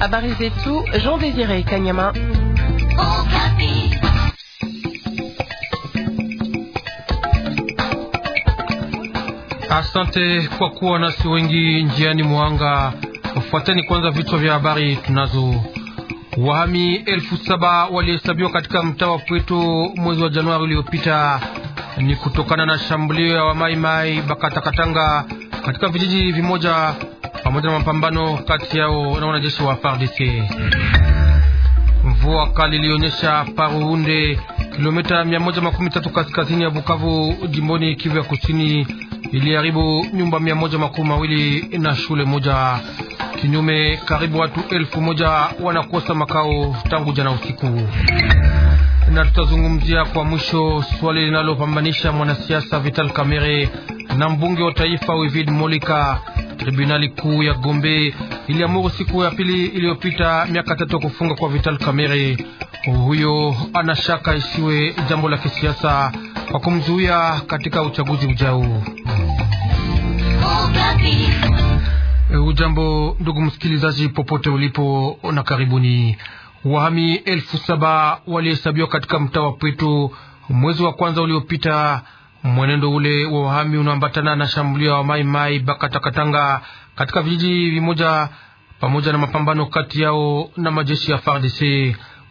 Habari zetu Jean Désiré Kanyama. Asante kwa kuwa nasi wengi njiani mwanga. Fuateni kwanza vichwa vya habari tunazo. Wahami elfu saba walihesabiwa katika mtaa wa Pweto mwezi wa Januari uliopita, ni kutokana na shambulio ya wamaimai Bakatakatanga katika vijiji vimoja pamoja na mapambano kati yao na wanajeshi wa FARDC. Mvua kali ilionyesha Paruunde, kilomita 113 kaskazini ya Bukavu, jimboni Kivu ya Kusini, iliharibu nyumba 120 na shule moja. Kinyume, karibu watu elfu moja wanakosa makao tangu jana usiku na tutazungumzia kwa mwisho swali linalopambanisha mwanasiasa Vital Kamerhe na mbunge wa taifa Wivid Molika. Tribunali kuu ya Gombe iliamuru siku ya pili iliyopita miaka tatu ya kufunga kwa Vital Kamerhe. Huyo ana shaka isiwe jambo la kisiasa kwa kumzuia katika uchaguzi ujao. Ujambo ndugu msikilizaji, popote ulipo na karibuni. Wahami elfu saba walihesabiwa katika mtaa wa Pweto mwezi wa kwanza uliopita. Mwenendo ule wa wahami unaambatana na shambulio wa Maimai Bakatakatanga katika vijiji vimoja, pamoja na mapambano kati yao na majeshi ya FARDC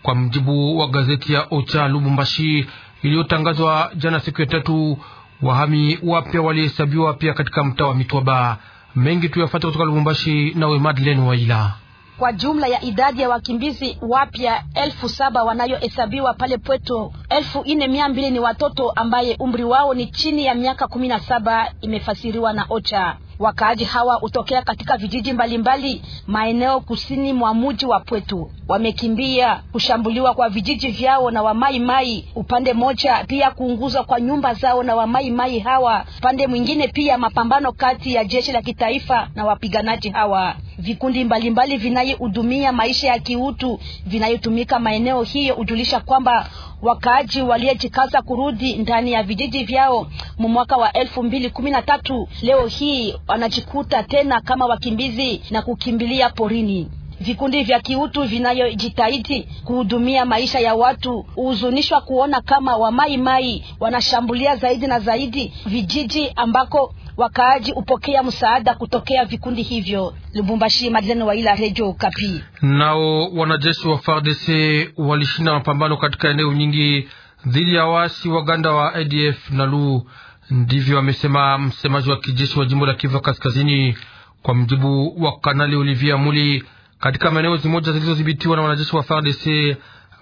kwa mjibu wa gazeti ya Ocha Lubumbashi iliyotangazwa jana siku ya tatu. Wahami wapya walihesabiwa pia katika mtaa wa Mitwaba. Mengi tuyafata kutoka Lubumbashi, nawe Madeleine Waila kwa jumla ya idadi ya wakimbizi wapya elfu saba wanayohesabiwa pale Pweto, elfu ine mia mbili ni watoto ambaye umri wao ni chini ya miaka kumi na saba, imefasiriwa na OCHA. Wakaaji hawa hutokea katika vijiji mbalimbali mbali, maeneo kusini mwa muji wa Pwetu. Wamekimbia kushambuliwa kwa vijiji vyao na wamaimai upande moja, pia kuunguzwa kwa nyumba zao na wamaimai hawa upande mwingine, pia mapambano kati ya jeshi la kitaifa na wapiganaji hawa. Vikundi mbalimbali vinayehudumia maisha ya kiutu vinayotumika maeneo hiyo hujulisha kwamba wakaaji waliyejikaza kurudi ndani ya vijiji vyao mwaka wa elfu mbili kumi na tatu leo hii wanajikuta tena kama wakimbizi na kukimbilia porini. Vikundi vya kiutu vinayojitahidi kuhudumia maisha ya watu huhuzunishwa kuona kama wamaimai wanashambulia zaidi na zaidi vijiji ambako wakaaji hupokea msaada kutokea vikundi hivyo. Lubumbashi, Madlene Waila, Radio Kapi. Nao wanajeshi wa FARDC walishinda mapambano katika eneo nyingi dhidi ya waasi waganda wa ADF NALU, ndivyo amesema msemaji wa kijeshi wa jimbo la Kivu Kaskazini, kwa mjibu wa Kanali Olivia Muli. Katika maeneo zimoja zilizodhibitiwa na wanajeshi wa FARDC,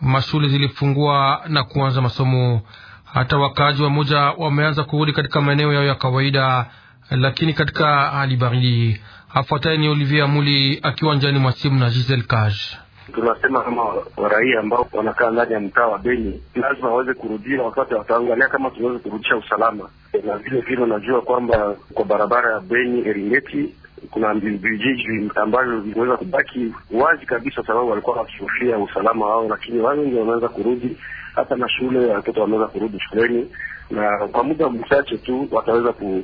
mashule zilifungua na kuanza masomo. Hata wakaaji wamoja wameanza kurudi katika maeneo yao ya kawaida lakini katika hali baridi. Afuatayo ni Olivier Muli akiwa njani mwa simu na Giselle Kaj. Tunasema kama waraia ambao wanakaa ndani ya mtaa wa Beni lazima waweze kurudia, wakati wataangalia kama tunaweza kurudisha usalama, na vile vile unajua kwamba kwa barabara ya Beni Eringeti kuna vijiji ambavyo viliweza kubaki wazi kabisa, sababu walikuwa wakihofia usalama wao, lakini wao ndio wanaweza kurudi. Hata na shule watoto wanaweza kurudi shuleni na kwa muda mchache tu wataweza ku,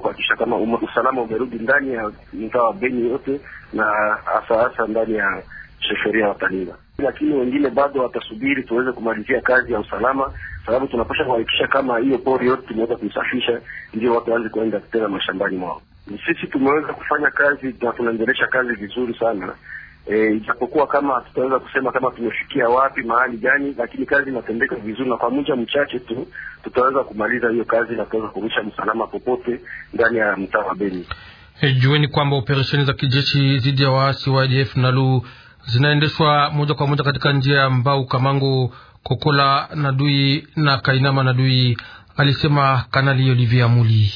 kuhakikisha kama um, usalama umerudi ndani ya mtaa wa Beni yote na hasa hasa ndani ya sheferia Watalinga, lakini wengine bado watasubiri tuweze kumalizia kazi ya usalama, sababu tunapasha kuhakikisha kama hiyo pori yote tumeweza kuisafisha, ndio watu waanze kuenda tena mashambani mwao. Sisi tumeweza kufanya kazi na tunaendelesha kazi vizuri sana E, ijapokuwa kama tutaweza kusema kama tumefikia wapi mahali gani, lakini kazi inatendeka vizuri, na kwa muda mchache tu tutaweza kumaliza hiyo kazi na tutaweza kurusha msalama popote ndani ya mtaa wa Beni. Hey, eh, jueni kwamba operesheni za kijeshi dhidi ya waasi wa ADF lu zinaendeshwa moja kwa moja katika njia ya Mbau Kamango, Kokola na Dui na Kainama na Dui, alisema Kanali Olivia Muli.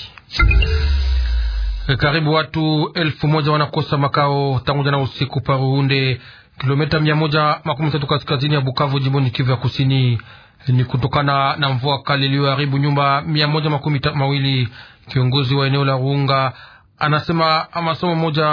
Eh, karibu watu elfu moja wanakosa makao tangu jana usiku pa Ruhunde, kilomita mia moja makumi tatu kaskazini ya Bukavu, jimboni Kivu ya Kusini. Ni kutokana na mvua kali iliyoharibu nyumba mia moja makumi mawili. Kiongozi wa eneo la Ruunga anasema masomo moja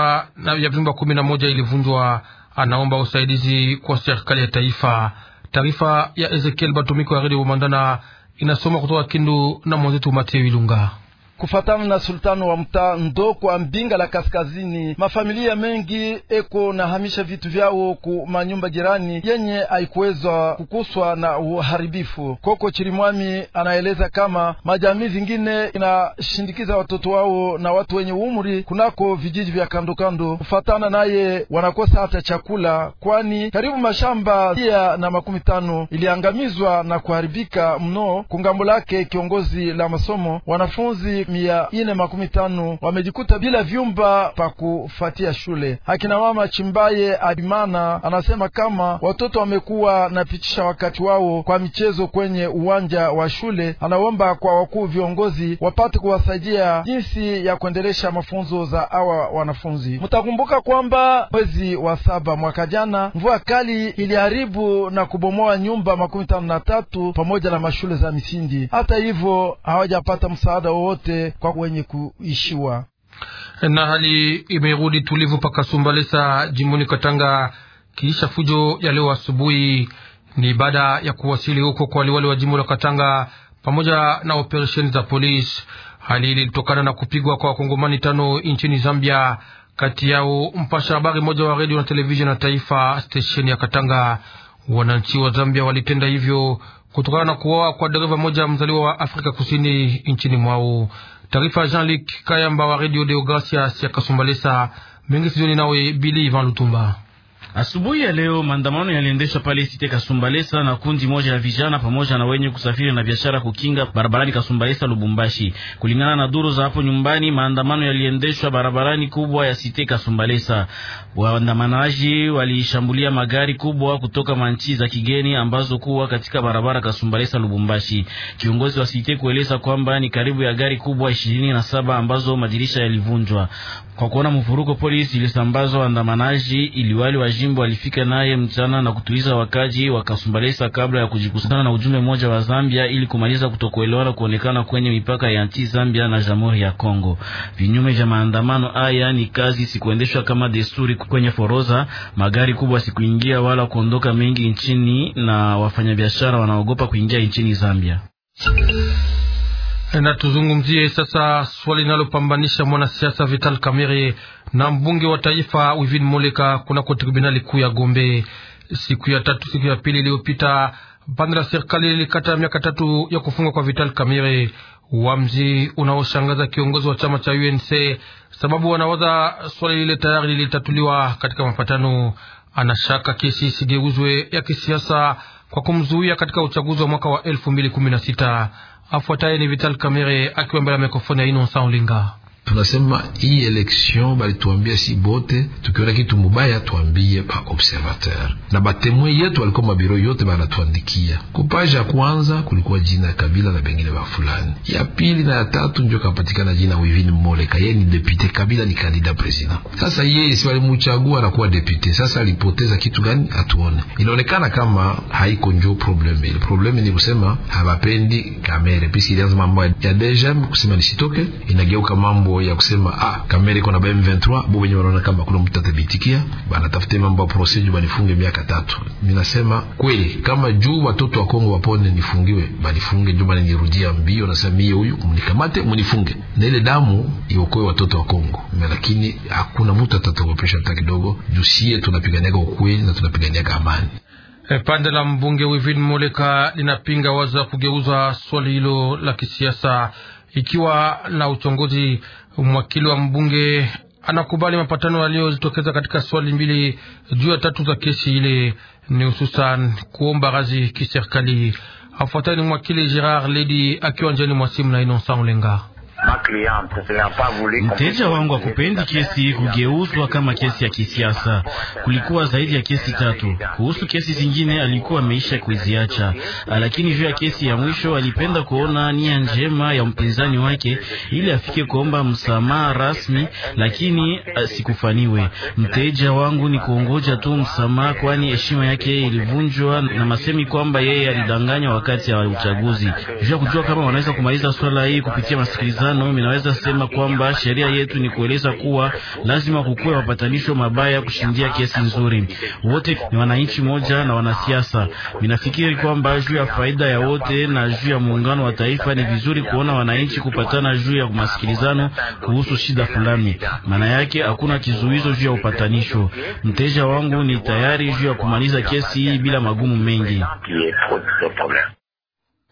ya vyumba kumi na moja ilivunjwa. Anaomba usaidizi kwa serikali ya taifa. Taarifa ya Ezekiel Batumiko ya Redio Umandana inasoma kutoka Kindu na mwenzetu Matie Wilunga. Kufatana na sultano wa mtaa ndo kwa Mbinga la kaskazini, mafamilia mengi eko na hamisha vitu vyao ku manyumba jirani yenye haikuwezwa kukuswa na uharibifu. Koko Chirimwami anaeleza kama majamii zingine inashindikiza watoto wao na watu wenye umri kunako vijiji vya kandokando. Kufatana naye, wanakosa hata chakula, kwani karibu mashamba pia na makumi tano iliangamizwa na kuharibika mno. Kungambo lake kiongozi la masomo wanafunzi mia ine makumi tano wamejikuta bila vyumba pa kufatia shule. Akina mama Chimbaye Abimana anasema kama watoto wamekuwa napitisha wakati wao kwa michezo kwenye uwanja wa shule. Anaomba kwa wakuu viongozi wapate kuwasaidia jinsi ya kuendelesha mafunzo za awa wanafunzi. Mtakumbuka kwamba mwezi wa saba mwaka jana mvua kali iliharibu na kubomoa nyumba makumi tano na tatu pamoja na mashule za misingi. Hata hivyo hawajapata msaada wowote yote kwa wenye kuishiwa. Na hali imerudi tulivu pakasumbalesa jimboni Katanga kiisha fujo ya leo asubuhi. Ni baada ya kuwasili huko kwa liwali wa jimbo la Katanga pamoja na operesheni za polisi. Hali ile ilitokana na kupigwa kwa wakongomani tano nchini Zambia, kati yao mpasha habari moja wa redio na televisheni ya taifa stesheni ya Katanga. Wananchi wa Zambia walitenda hivyo kutokana na kuoa kwa dereva moja mzaliwa wa Afrika Kusini nchini mwao. Taarifa Jean-Luc Kayamba wa Radio Deogracia ya Kasumbalesa mengi sizoni nawe Bili Ivan Lutumba. Asubuhi ya leo maandamano yaliendeshwa pale Site Kasumbalesa na kundi moja la vijana pamoja na wenye kusafiri na biashara kukinga barabarani Kasumbalesa Lubumbashi. Kulingana na duru za hapo nyumbani, maandamano yaliendeshwa barabarani kubwa ya Site Kasumbalesa. Waandamanaji walishambulia magari kubwa kutoka manchi za kigeni ambazo kuwa katika barabara Kasumbalesa Lubumbashi. Kiongozi wa Site kueleza kwamba ni karibu ya gari kubwa ishirini na saba ambazo madirisha yalivunjwa. Kwa kuona mvuruko, polisi ilisambazwa waandamanaji iliwali wa jimbo alifika naye mchana na kutuliza wakaji wa Kasumbalesa kabla ya kujikusana na ujumbe mmoja wa Zambia ili kumaliza kutokuelewana kuonekana kwenye mipaka ya nchi Zambia na Jamhuri ya Kongo. Vinyume vya maandamano haya ni kazi sikuendeshwa kama desturi kwenye foroza, magari kubwa sikuingia wala kuondoka mengi nchini, na wafanyabiashara wanaogopa kuingia nchini Zambia. Eh, na tuzungumzie sasa swali linalopambanisha mwanasiasa Vital Kamerhe na mbunge wa taifa Wivin Moleka kunako tribunali kuu ya Gombe siku ya tatu, siku ya pili iliyopita. Pande la serikali lilikata miaka tatu ya kufungwa kwa Vital Kamerhe, uamuzi unaoshangaza kiongozi wa chama cha UNC sababu wanawaza swali lile tayari lilitatuliwa katika mapatano. Anashaka kesi isigeuzwe ya kisiasa kwa kumzuia katika uchaguzi wa mwaka wa elfu mbili kumi na sita. Afuataye ni Vital Kamere akiwa mbele ya mikrofoni ya Innocent Olinga tunasema hii election balituambia si bote, tukiona kitu mubaya tuambie ba observateur na batemwe yetu. Walikuwa mabiro yote banatuandikia kupaja. kwanza kulikuwa jina ya Kabila na bengine ba fulani, ya pili na ya tatu ndio kapatikana jina Wivini Moleka, yeye ni depute Kabila, ni kandida president. Sasa yeye si walimuchagua na kuwa depute. Sasa alipoteza kitu gani? Atuone, inaonekana kama haiko njo probleme. Ile probleme ni kusema habapendi kamere pisi ilianza mambo ya DGM kusema nisitoke, inageuka mambo ya kusema ah, kamera iko na M23 bo wenyewe wanaona kama kuna mtu atabitikia bana tafute mambo ya procedure banifunge miaka tatu. Ninasema kweli kama juu watoto wa Kongo wapone nifungiwe banifunge juu bana nirudia mbio na samie huyu mnikamate mnifunge na ile damu iokoe watoto wa Kongo, lakini hakuna mtu atatogopesha hata kidogo, juu sie tunapiganiaka ukweli na tunapiganiaka amani. E, pande la mbunge Wivin Moleka linapinga wazo ya kugeuza swali hilo la kisiasa ikiwa na uchongozi. Mwakili wa mbunge anakubali mapatano yaliyojitokeza katika swali mbili juu ya tatu za kesi ile, ni hususan kuomba razi kiserikali. Afuatani mwakili Gerard Ledi akiwa njani mwasimu na Innocent Olenga. Mteja wangu akupendi kesi kugeuzwa kama kesi ya kisiasa. Kulikuwa zaidi ya kesi tatu. Kuhusu kesi zingine alikuwa ameisha kuziacha, lakini juu ya kesi ya mwisho alipenda kuona nia njema ya mpinzani wake ili afike kuomba msamaha rasmi, lakini eh, sikufaniwe. Mteja wangu ni kuongoja tu msamaha, kwani heshima yake ilivunjwa na masemi kwamba yeye alidanganya wakati wa uchaguzi. Juu ya kujua kama wanaweza kumaliza swala hii kupitia masikiliza tano, minaweza sema kwamba sheria yetu ni kueleza kuwa lazima kukuwe mapatanisho mabaya kushindia kesi nzuri. Wote ni wananchi moja na wanasiasa. Minafikiri kwamba juu ya faida ya wote na juu ya muungano wa taifa, ni vizuri kuona wananchi kupatana juu ya masikilizano kuhusu shida fulani. Maana yake hakuna kizuizo juu ya upatanisho. Mteja wangu ni tayari juu ya kumaliza kesi hii bila magumu mengi.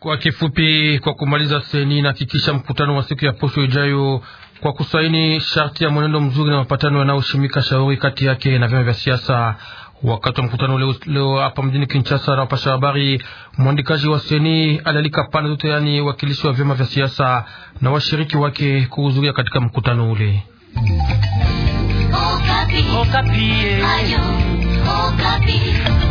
Kwa kifupi, kwa kumaliza, seni inahakikisha mkutano wa siku ya posho ijayo kwa kusaini sharti ya mwenendo mzuri na mapatano yanayoshimika shauri kati yake na vyama vya siasa. Wakati wa mkutano leo, leo hapa mjini Kinshasa na wapasha habari, mwandikaji wa seni alialika pande zote, yaani wakilishi wa vyama vya siasa na washiriki wake kuhudhuria katika mkutano ule. Okapi. Okapi. Ayo, Okapi.